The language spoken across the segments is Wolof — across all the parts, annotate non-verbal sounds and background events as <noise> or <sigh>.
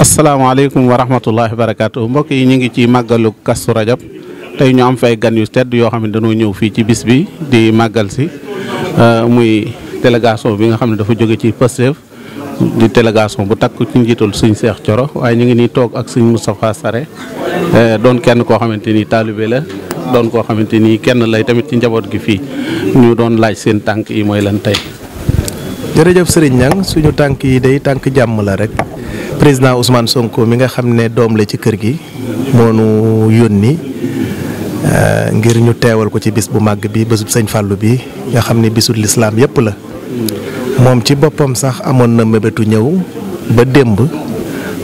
asalaamaaleykum wa rahmatullahi wa barakaatu mbokk yi ñu ngi ciy màggalu kastu rajab tey ñu am ay gan yu tedd yoo xam ne dañoo ñëw fii ci bis bi di màggal si euh, muy délégation bi nga xam ne dafa jóge ci Pastef di délégation bu takk ci njiital suñ Seex Coro waaye ñu ngi nii toog ak suñ Moustapha Sare euh, doon kenn koo xamante ni taalibe la doon koo xamante ni kenn lay tamit ci njaboot gi fii ñu doon laaj seen tànk yi mooy lan tey jërëjëf sëriñ Niang suñu tànk yi day tànk jàmm la rek président Ousmane Sonko mi nga xam ne doom la ci kër gi moo yónni euh, ngir ñu teewal ko ci bis bu màgg bi bésub sëñ Fallou bi nga xam ne bisul lislaam yépp la moom ci boppam sax amoon na mébétu ñëw ba démb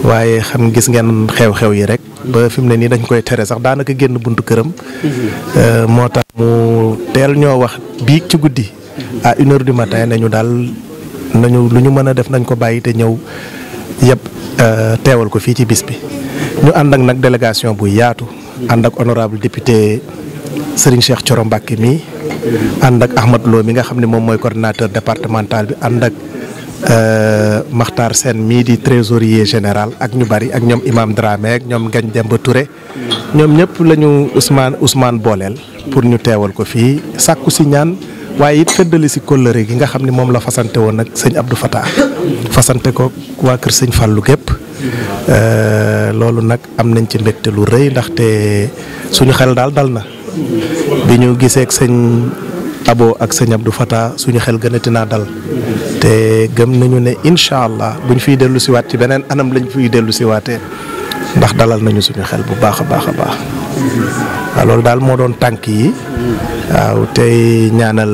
waaye xam gis ngeen xew-xew yi rek ba fi mu ne nii dañ koy tere sax daanaka génn buntu këram euh, moo tax mu teel ñoo wax biig ci guddi à une du matin nañu daal nañu lu ñu mën a def nañ ko bàyyi te ñëw yëpp euh, teewal ko fii ci bis bi ñu ànd ak nag délégation bu yaatu ànd ak honorable député Serigne Cheikh Thioro Mbacké mii ànd ak Ahmad Lo mi nga xam ne moom mooy coordinateur départemental bi ànd ak euh, maxtar Sène mii di trésorier général ak ñu bari ak ñoom Imam Dramé ak ñoom Ngagne Demba Touré ñoom ñëpp lañu ñu Ousmane booleel pour ñu teewal ko fii sàkku si ñaan waaye it feddali si kóllëre gi nga xam ne moom la fasante woon nag sëñ Abdou Fatah fasante ko waa kër sëñ Fallou gépp euh, loolu nag am nañ ci mbégte lu rëy ndaxte suñu xel daal dal na bi ñu gisee ak sëñ Abo ak sëñ Abdou Fatah suñu xel gënati naa dal te gëm nañu ne incha allah buñ fiy dellu siwaat ci beneen anam lañ fiy dellu siwaatee ndax dalal nañu suñu xel bu baax a baax a baax. waaw loolu daal moo doon tànk yi waaw tey ñaanal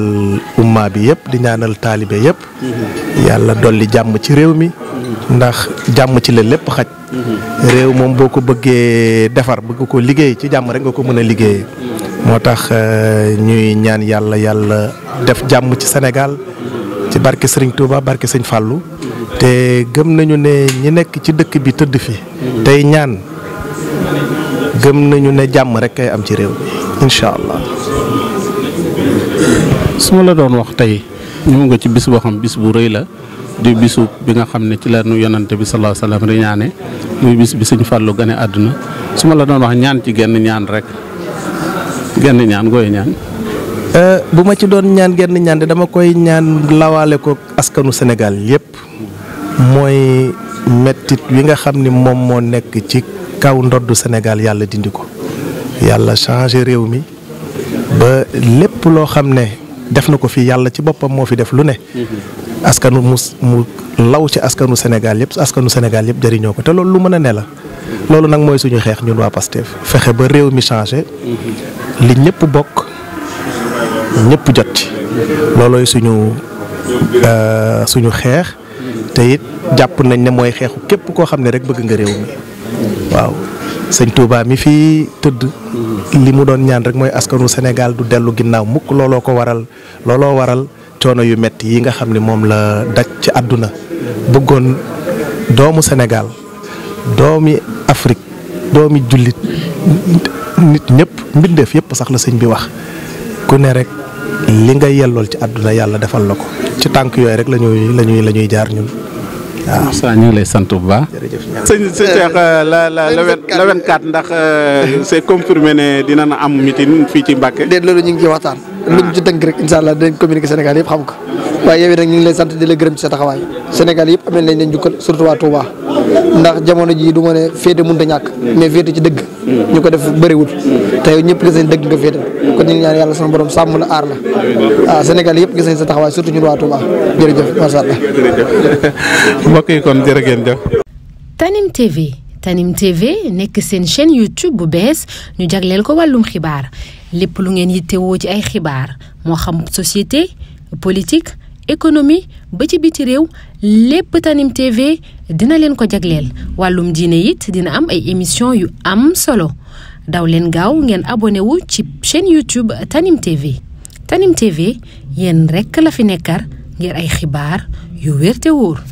umma bi yëpp di ñaanal taalibe yépp yàlla dolli jàmm ci réew mi ndax jàmm ci la lépp xaj réew moom boo ko bëggee defar bëgg ko liggéey ci jàmm rek nga ko mën a liggéeyee moo tax euh, ñuy ñaan yàlla yàlla def jàmm ci senegal ci barke Serigne Touba barke Sëñ Fallou te gëm nañu ne ñi nekk ci dëkk bi tëdd fi tey ñaan gëm nañu ne jàmm rek kay am ci réew mi incha allah. su ma la doon wax tey ñu nga ci bis boo xam bis bu rëy la di bisu bi nga xam ne ci la nu bi sallallahu alayhi wa sallam riñaane muy bis bi suñu fàllu gane àdduna su ma la doon wax ñaan ci genn ñaan rek genn ñaan gooy ñaan. Euh, bu ma ci doon ñaan genn ñaan de dama koy ñaan lawaale ko askanu senegal yépp mooy mettit wi nga xam ni moom moo nekk ci kaw ndoddu Sénégal yàlla dindi ko yàlla changé réew mi ba lépp loo xam ne def na ko fii yàlla ci boppam moo fi def lu ne. Mm-hmm. askanu mu mu law ci askanu Sénégal yëpp askanu Sénégal yëpp jariñoo ko te loolu lu mën a ne la. loolu nag mooy suñu xeex ñun waa Pastef fexe ba réew mi changé. Mm-hmm. li ñëpp bokk ñëpp jot ci. loolooy suñu euh, suñu xeex. Mm-hmm. te it jàpp nañ ne mooy xeexu képp koo xam ne rek bëgg nga réew mi. waaw sëñ Touba mi fi tëdd li mu doon ñaan rek mooy askanu Sénégal du dellu ginnaaw mukk looloo ko waral looloo waral coono yu metti yi nga xam ne moom la daj ci àdduna bëggoon doomu Sénégal doomi Afrique doomi jullit nit ñëpp mbindeef yëpp sax la sëñ bi wax ku ne rek li nga yellool ci àdduna yàlla defal la ko ci tànk yooyu rek lañuy lañuy la ñuy jaar ñun waaw ah. Moussa ñu ngi lay sant bu baax. jërëjëf sëñ sëñ Cheikh euh, euh, la la le le 24 ndax euh, c'est confirmé ne dina na am meeting fii ci Mbacke. déet loolu ñu ngi waxtaan. luñ ci ah. tënk rek incha allah dinañ communiquer Sénégal yëpp xam ko waaye yow nag ñu ngi lay sant di la gërëm ci sa taxawaay Sénégal yëpp amee nañ leen njukkal surtout waa Touba. ndax jamono ji du ma ne féete mun a ñàkk mais féete ci dëgg ñu ko def bëriwul te ñëpp gis nañ dëgg nga féete kon ñu ngi ñaan yàlla sama borom sàmm la aar la yëpp gis sa taxawaay surtout ñun waa Touba jërëjëf macha allah <laughs> mbokk yi kon jërë ngeen jëf Tanim TV Tanim TV nekk seen chaîne YouTube bu bees ñu jagleel ko wàllum xibaar lépp lu ngeen yittewoo ci ay xibaar moo xam société politique économie ba ci biti réew lépp Tanim dina leen ko jagleel wàllum diine it dina am ay émission yu am solo daw leen gaaw ngeen abonné wu ci chaîne YouTube Tanim TV Tanim TV yéen rekk la fi nekkar ngir ay xibaar yu wér te wóor